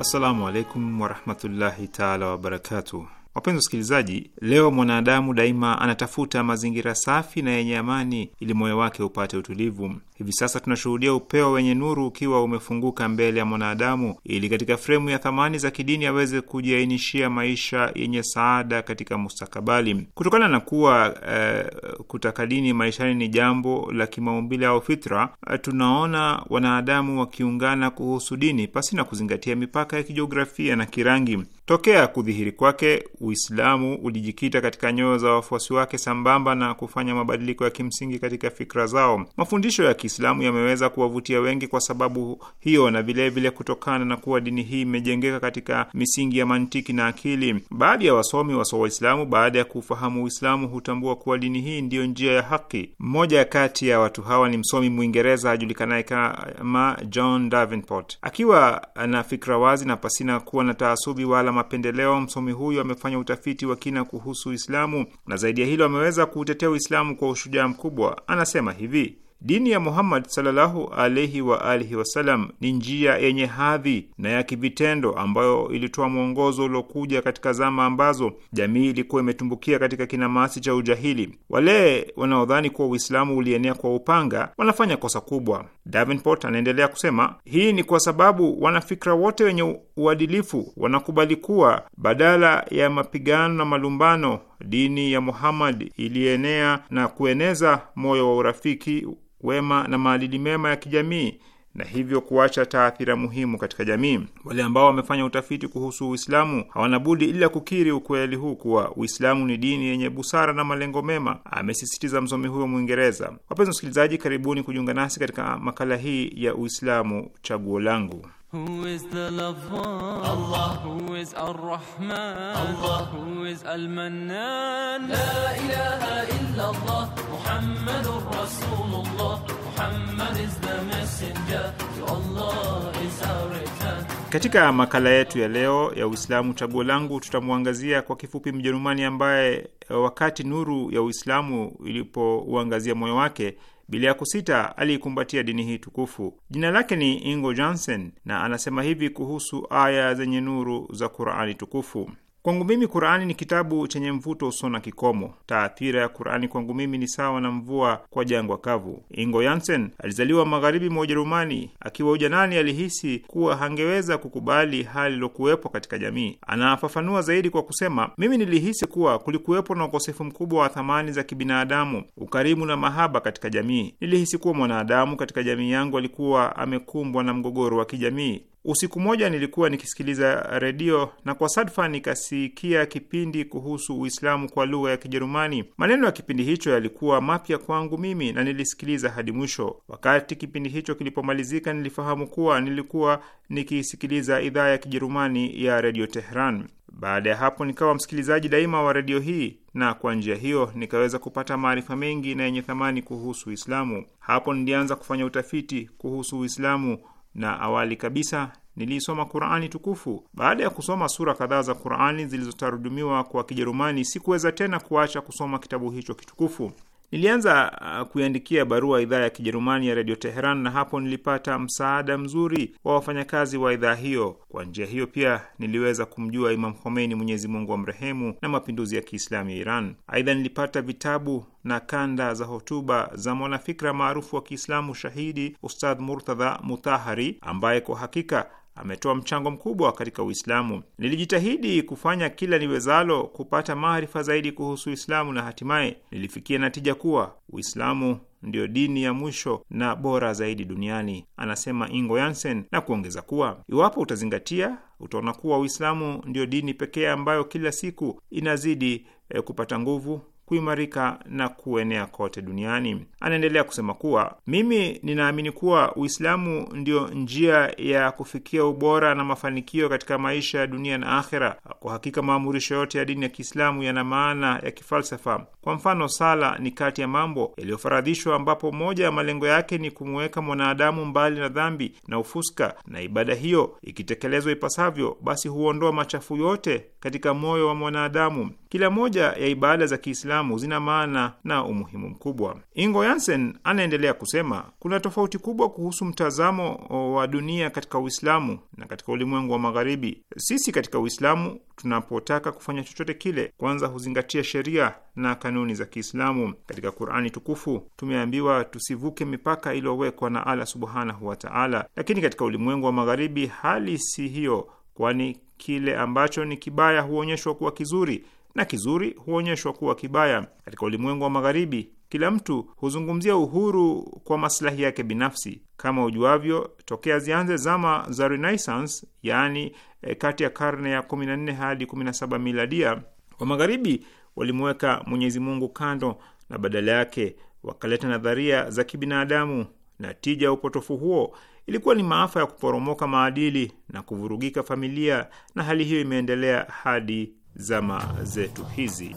Assalamu alaikum warahmatullahi taala wabarakatuh. Wapenzi wasikilizaji, leo mwanadamu daima anatafuta mazingira safi na yenye amani ili moyo wake upate utulivu. Hivi sasa tunashuhudia upeo wenye nuru ukiwa umefunguka mbele ya mwanadamu, ili katika fremu ya thamani za kidini aweze kujiainishia maisha yenye saada katika mustakabali. Kutokana na kuwa eh, kutaka dini maishani ni jambo la kimaumbile au fitra, eh, tunaona wanadamu wakiungana kuhusu dini pasina kuzingatia mipaka ya kijiografia na kirangi. Tokea kudhihiri kwake Uislamu ulijikita katika nyoyo za wafuasi wake sambamba na kufanya mabadiliko ya kimsingi katika fikra zao. Mafundisho ya Kiislamu yameweza kuwavutia wengi kwa sababu hiyo, na vilevile vile kutokana na kuwa dini hii imejengeka katika misingi ya mantiki na akili. Baadhi ya wasomi waso Waislamu, baada ya kufahamu Uislamu, hutambua kuwa dini hii ndiyo njia ya haki. Mmoja kati ya watu hawa ni msomi Mwingereza ajulikanaye kama John Davenport. Akiwa na fikra wazi na pasina kuwa na taasubi wala mapendeleo, msomi huyu amefanya utafiti wa kina kuhusu Uislamu na zaidi ya hilo ameweza kuutetea Uislamu kwa ushujaa mkubwa. Anasema hivi: Dini ya Muhammad sallallahu alaihi wa alihi wasalam ni njia yenye hadhi na ya kivitendo ambayo ilitoa mwongozo uliokuja katika zama ambazo jamii ilikuwa imetumbukia katika kinamasi cha ujahili. Wale wanaodhani kuwa Uislamu ulienea kwa upanga wanafanya kosa kubwa. Davenport anaendelea kusema, hii ni kwa sababu wanafikra wote wenye uadilifu wanakubali kuwa badala ya mapigano na malumbano, dini ya Muhammad ilienea na kueneza moyo wa urafiki wema na maadili mema ya kijamii na hivyo kuacha taathira muhimu katika jamii. Wale ambao wamefanya utafiti kuhusu Uislamu hawana budi ila kukiri ukweli huu kuwa Uislamu ni dini yenye busara na malengo mema, amesisitiza msomi huyo Mwingereza. Wapenzi wasikilizaji, karibuni kujiunga nasi katika makala hii ya Uislamu Chaguo Langu. Who is the lover? Allah. Who is Ar-Rahman? Allah. Who is Al-Mannan? La ilaha illallah. Muhammadur Rasulullah. Muhammad is the messenger. To Allah is our return. Katika makala yetu ya leo ya Uislamu chaguo langu, tutamwangazia kwa kifupi Mjerumani ambaye eh, wakati nuru ya Uislamu ilipouangazia moyo wake bila ya kusita aliikumbatia dini hii tukufu. Jina lake ni Ingo johnson na anasema hivi kuhusu aya zenye nuru za Qurani tukufu: Kwangu mimi Qurani ni kitabu chenye mvuto usio na kikomo. Taathira ya Qurani kwangu mimi ni sawa na mvua kwa jangwa kavu. Ingo yansen alizaliwa magharibi mwa Ujerumani. Akiwa ujanani, alihisi kuwa hangeweza kukubali hali iliyokuwepo katika jamii. Anafafanua zaidi kwa kusema, mimi nilihisi kuwa kulikuwepo na ukosefu mkubwa wa thamani za kibinadamu, ukarimu na mahaba katika jamii. Nilihisi kuwa mwanadamu katika jamii yangu alikuwa amekumbwa na mgogoro wa kijamii. Usiku moja nilikuwa nikisikiliza redio na kwa sadfa nikasikia kipindi kuhusu Uislamu kwa lugha ya Kijerumani. Maneno ya kipindi hicho yalikuwa mapya kwangu mimi na nilisikiliza hadi mwisho. Wakati kipindi hicho kilipomalizika, nilifahamu kuwa nilikuwa nikisikiliza idhaa ya Kijerumani ya redio Tehran. Baada ya hapo nikawa msikilizaji daima wa redio hii, na kwa njia hiyo nikaweza kupata maarifa mengi na yenye thamani kuhusu Uislamu. Hapo nilianza kufanya utafiti kuhusu Uislamu na awali kabisa niliisoma Qurani tukufu. Baada ya kusoma sura kadhaa za Qurani zilizotarudumiwa kwa Kijerumani, sikuweza tena kuacha kusoma kitabu hicho kitukufu. Nilianza uh, kuiandikia barua idhaa ya Kijerumani ya redio Teheran, na hapo nilipata msaada mzuri wa wafanyakazi wa idhaa hiyo. Kwa njia hiyo pia niliweza kumjua Imam Khomeini, Mwenyezi Mungu wa mrehemu, na mapinduzi ya Kiislamu ya Iran. Aidha, nilipata vitabu na kanda za hotuba za mwanafikra maarufu wa Kiislamu shahidi Ustadh Murtadha Mutahari ambaye kwa hakika ametoa mchango mkubwa katika Uislamu. Nilijitahidi kufanya kila niwezalo kupata maarifa zaidi kuhusu Uislamu na hatimaye nilifikia natija kuwa Uislamu ndiyo dini ya mwisho na bora zaidi duniani, anasema Ingo yansen na kuongeza kuwa iwapo utazingatia, utaona kuwa Uislamu ndiyo dini pekee ambayo kila siku inazidi eh, kupata nguvu kuimarika na kuenea kote duniani. Anaendelea kusema kuwa mimi ninaamini kuwa Uislamu ndio njia ya kufikia ubora na mafanikio katika maisha ya dunia na akhera. Kwa hakika maamurisho yote ya dini ya Kiislamu yana maana ya kifalsafa. Kwa mfano, sala ni kati ya mambo yaliyofaradhishwa, ambapo moja ya malengo yake ni kumuweka mwanadamu mbali na dhambi na ufuska, na ibada hiyo ikitekelezwa ipasavyo, basi huondoa machafu yote katika moyo wa mwanadamu. Kila moja ya ibada za Kiislamu zina maana na umuhimu mkubwa. Ingo Jansen anaendelea kusema, kuna tofauti kubwa kuhusu mtazamo wa dunia katika Uislamu na katika ulimwengu wa Magharibi. Sisi katika Uislamu tunapotaka kufanya chochote kile, kwanza huzingatia sheria na kanuni za Kiislamu. Katika Qurani tukufu tumeambiwa tusivuke mipaka iliyowekwa na Allah subhanahu wa taala, lakini katika ulimwengu wa Magharibi hali si hiyo kwani kile ambacho ni kibaya huonyeshwa kuwa kizuri na kizuri huonyeshwa kuwa kibaya. Katika ulimwengu wa Magharibi, kila mtu huzungumzia uhuru kwa masilahi yake binafsi. Kama ujuavyo, tokea zianze zama za Renaissance, yaani e, kati ya karne ya 14 hadi 17 miladia, wa Magharibi walimweka Mwenyezi Mungu kando na badala yake wakaleta nadharia za kibinadamu na tija ya upotofu huo Ilikuwa ni maafa ya kuporomoka maadili na kuvurugika familia, na hali hiyo imeendelea hadi zama zetu hizi.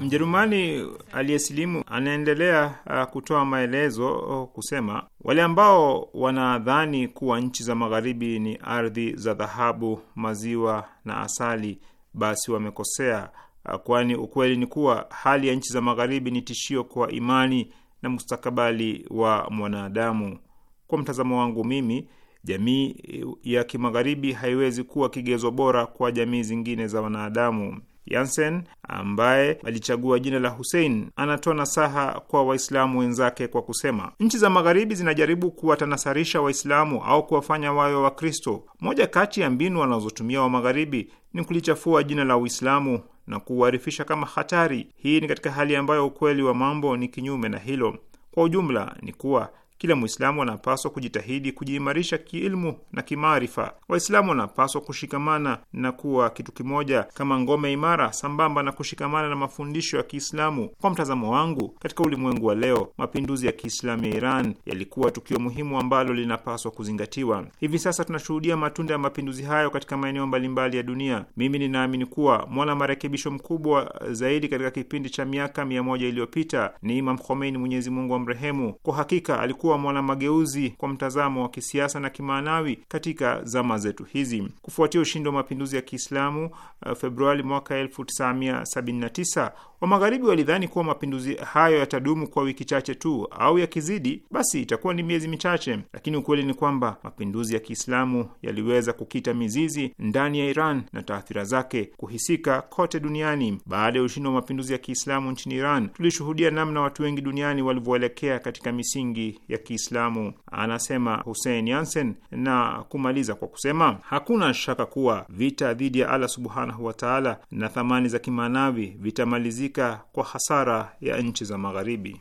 Mjerumani aliyesilimu anaendelea uh, kutoa maelezo uh, kusema, wale ambao wanadhani kuwa nchi za magharibi ni ardhi za dhahabu, maziwa na asali basi wamekosea, uh, kwani ukweli ni kuwa hali ya nchi za magharibi ni tishio kwa imani na mustakabali wa mwanadamu. Kwa mtazamo wangu mimi, jamii eh, ya kimagharibi haiwezi kuwa kigezo bora kwa jamii zingine za wanadamu. Yansen ambaye alichagua jina la Hussein anatoa nasaha kwa Waislamu wenzake kwa kusema, nchi za Magharibi zinajaribu kuwatanasarisha Waislamu au kuwafanya wawe Wakristo. Moja kati ya mbinu wanazotumia wa Magharibi ni kulichafua jina la Uislamu na kuuarifisha kama hatari. Hii ni katika hali ambayo ukweli wa mambo ni kinyume na hilo. Kwa ujumla ni kuwa kila Mwislamu anapaswa kujitahidi kujiimarisha kiilmu na kimaarifa. Waislamu wanapaswa kushikamana na kuwa kitu kimoja kama ngome imara, sambamba na kushikamana na mafundisho ya Kiislamu. Kwa mtazamo wangu, katika ulimwengu wa leo, mapinduzi ya Kiislamu ya Iran yalikuwa tukio muhimu ambalo linapaswa kuzingatiwa. Hivi sasa tunashuhudia matunda ya mapinduzi hayo katika maeneo mbalimbali ya dunia. Mimi ninaamini kuwa mwana marekebisho mkubwa zaidi katika kipindi cha miaka mia moja iliyopita ni Imam Khomeini, Mwenyezi Mungu amrehemu. Kwa hakika alikuwa kuwa mwanamageuzi kwa mtazamo wa kisiasa na kimaanawi katika zama zetu hizi. Kufuatia ushindi wa mapinduzi ya Kiislamu eh, Februari mwaka 1979 wa Magharibi walidhani kuwa mapinduzi hayo yatadumu kwa wiki chache tu au yakizidi basi itakuwa ni miezi michache, lakini ukweli ni kwamba mapinduzi ya Kiislamu yaliweza kukita mizizi ndani ya Iran na taathira zake kuhisika kote duniani. Baada ya ushindi wa mapinduzi ya Kiislamu nchini Iran, tulishuhudia namna watu wengi duniani walivyoelekea katika misingi ya Kiislamu, anasema Hussein Yansen, na kumaliza kwa kusema hakuna shaka kuwa vita dhidi ya Allah subhanahu wataala na thamani za kimaanavi vitamalizika kuharibika kwa hasara ya nchi za Magharibi.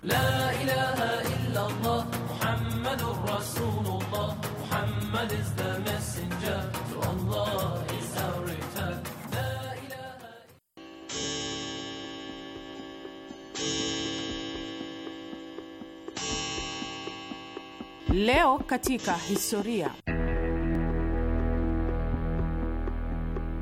Leo katika historia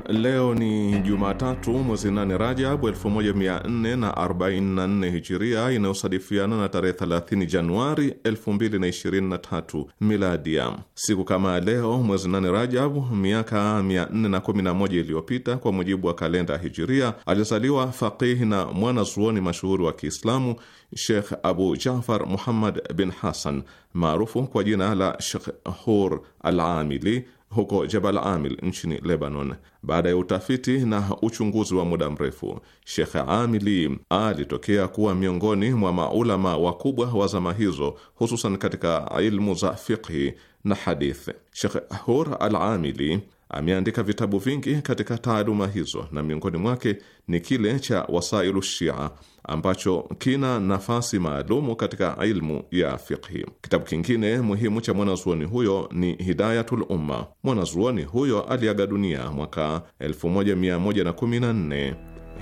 leo ni Jumatatu, mwezi nane Rajab 1444 Hijiria, inayosadifiana na tarehe 30 Januari 2023 Miladia. Siku kama leo mwezi nane Rajab miaka 411 iliyopita kwa mujibu wa kalenda Hijiria, alizaliwa faqihi na mwanazuoni mashuhuri wa Kiislamu Sheikh Abu Jafar Muhammad bin Hassan maarufu kwa jina la Sheikh Hur al-Amili huko Jabal Amil nchini Lebanon. Baada ya utafiti na uchunguzi wa muda mrefu, shekhe Amili alitokea kuwa miongoni mwa maulama wakubwa wa zama hizo, hususan katika ilmu za fiqhi na hadith. Shekh Hur al Amili Ameandika vitabu vingi katika taaluma hizo na miongoni mwake ni kile cha Wasailu Shia ambacho kina nafasi maalumu katika ilmu ya fiqhi. Kitabu kingine muhimu cha mwanazuoni huyo ni Hidayatul Umma. Mwanazuoni huyo aliaga dunia mwaka 1114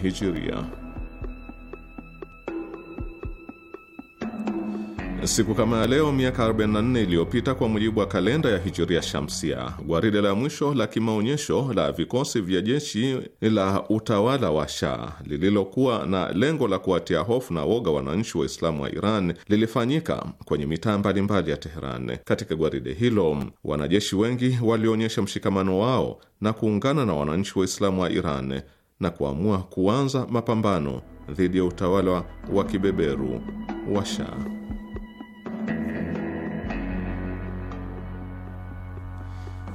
Hijiria. Siku kama ya leo miaka 44 iliyopita kwa mujibu wa kalenda ya Hijiria Shamsia, gwaride la mwisho la kimaonyesho la vikosi vya jeshi la utawala wa Shah lililokuwa na lengo la kuwatia hofu na woga wananchi Waislamu wa Iran lilifanyika kwenye mitaa mbalimbali ya Teheran. Katika gwaride hilo, wanajeshi wengi walionyesha mshikamano wao na kuungana na wananchi Waislamu wa Iran na kuamua kuanza mapambano dhidi ya utawala wa kibeberu wa Shah.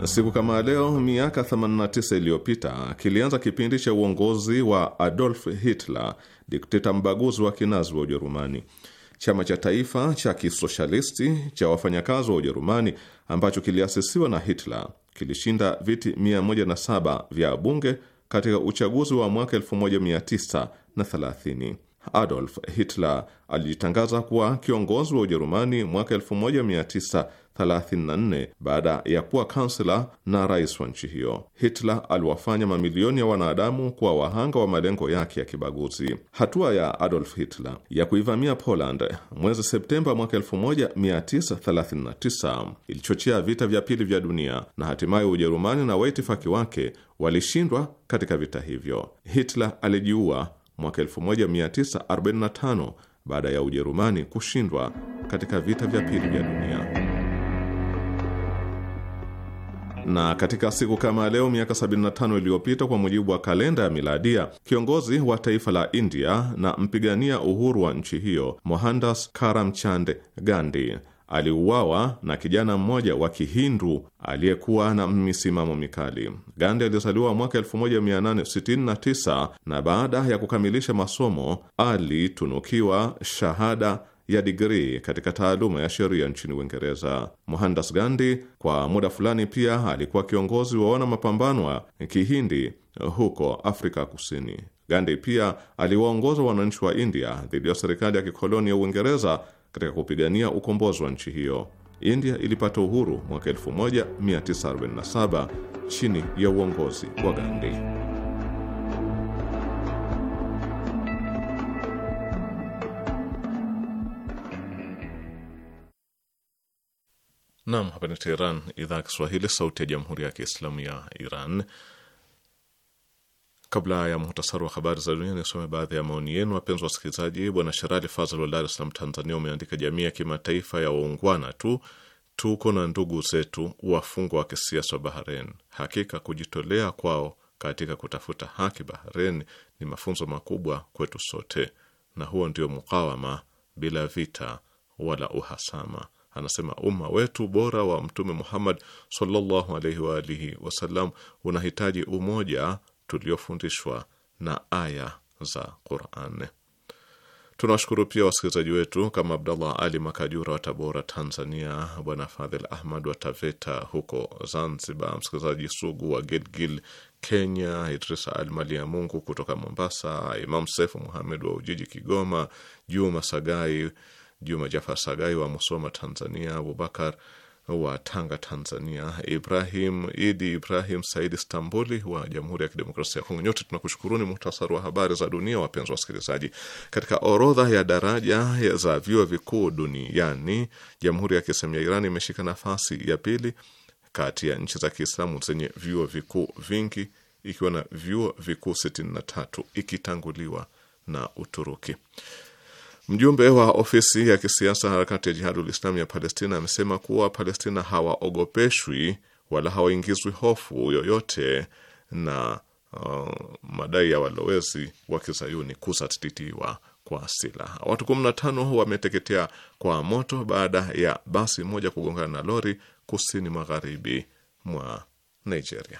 Siku kama leo miaka 89 iliyopita kilianza kipindi cha uongozi wa Adolf Hitler, dikteta mbaguzi wa kinazi wa Ujerumani. Chama cha taifa cha kisoshalisti cha wafanyakazi wa Ujerumani ambacho kiliasisiwa na Hitler kilishinda viti 107 vya bunge katika uchaguzi wa mwaka 1930. Adolf Hitler alijitangaza kuwa kiongozi wa Ujerumani mwaka 19 34 baada ya kuwa kansela na rais wa nchi hiyo. Hitler aliwafanya mamilioni ya wanadamu kuwa wahanga wa malengo yake ya kibaguzi. Hatua ya Adolf Hitler ya kuivamia Poland mwezi Septemba mwaka 1939 ilichochea vita vya pili vya dunia na hatimaye Ujerumani na waitifaki wake walishindwa katika vita hivyo. Hitler alijiua mwaka 1945 baada ya Ujerumani kushindwa katika vita vya pili vya dunia na katika siku kama leo miaka 75 iliyopita kwa mujibu wa kalenda ya miladia, kiongozi wa taifa la India na mpigania uhuru wa nchi hiyo Mohandas Karamchand Gandhi aliuawa na kijana mmoja wa Kihindu aliyekuwa na misimamo mikali. Gandhi alizaliwa mwaka 1869 na baada ya kukamilisha masomo alitunukiwa shahada ya digrii katika taaluma ya sheria nchini Uingereza. Mohandas Gandhi kwa muda fulani pia alikuwa kiongozi wa wana mapambano Kihindi huko Afrika Kusini. Gandhi pia aliwaongoza wananchi wa India dhidi ya serikali ya kikoloni ya Uingereza katika kupigania ukombozi wa nchi hiyo. India ilipata uhuru mwaka 1947 chini ya uongozi wa Gandhi. Nam, hapa ni Teheran, idhaa ya Kiswahili, sauti ya jamhuri ya kiislamu ya Iran. Kabla ya muhtasari wa habari za dunia, nisome baadhi ya maoni yenu, wapenzi wasikilizaji. Bwana Sherali Fazl wa Dar es Salaam, Tanzania, umeandika jamii ya kimataifa ya waungwana tu tuko na ndugu zetu wafungwa wa kisiasa wa Bahrein. Hakika kujitolea kwao katika kutafuta haki Bahrein ni mafunzo makubwa kwetu sote, na huo ndio mukawama bila vita wala uhasama. Anasema umma wetu bora wa Mtume Muhammad sallallahu alaihi wa alihi wasallam unahitaji umoja tuliofundishwa na aya za Quran. Tunawashukuru pia wasikilizaji wetu kama Abdallah Ali Makajura wa Tabora, Tanzania, Bwana Fadhil Ahmad wa Taveta huko Zanzibar, msikilizaji sugu wa Gilgil, Kenya, Idrisa Al Mali ya Mungu kutoka Mombasa, Imam Sefu Muhamed wa Ujiji, Kigoma, Juma Sagai Juma Jafar Sagai wa Musoma, Tanzania, Abubakar wa Tanga, Tanzania, Ibrahim Idi Ibrahim Saidi Stambuli wa Jamhuri ya Kidemokrasia ya Kongo. Nyote tunakushukuruni. Muhtasari wa habari za dunia, wapenzi wasikilizaji. Katika orodha ya daraja za vyuo vikuu duniani, Jamhuri ya Kiislamu ya Iran imeshika nafasi ya pili kati ya nchi za Kiislamu zenye vyuo vikuu vingi, ikiwa na vyuo vikuu 63 ikitanguliwa na Uturuki. Mjumbe wa ofisi ya kisiasa harakati ya Jihadul islam ya Palestina amesema kuwa Palestina hawaogopeshwi wala hawaingizwi hofu yoyote na uh, madai ya walowezi wa kizayuni kusatitiwa kwa silaha. Watu 15 wameteketea kwa moto baada ya basi moja kugongana na lori kusini magharibi mwa Nigeria.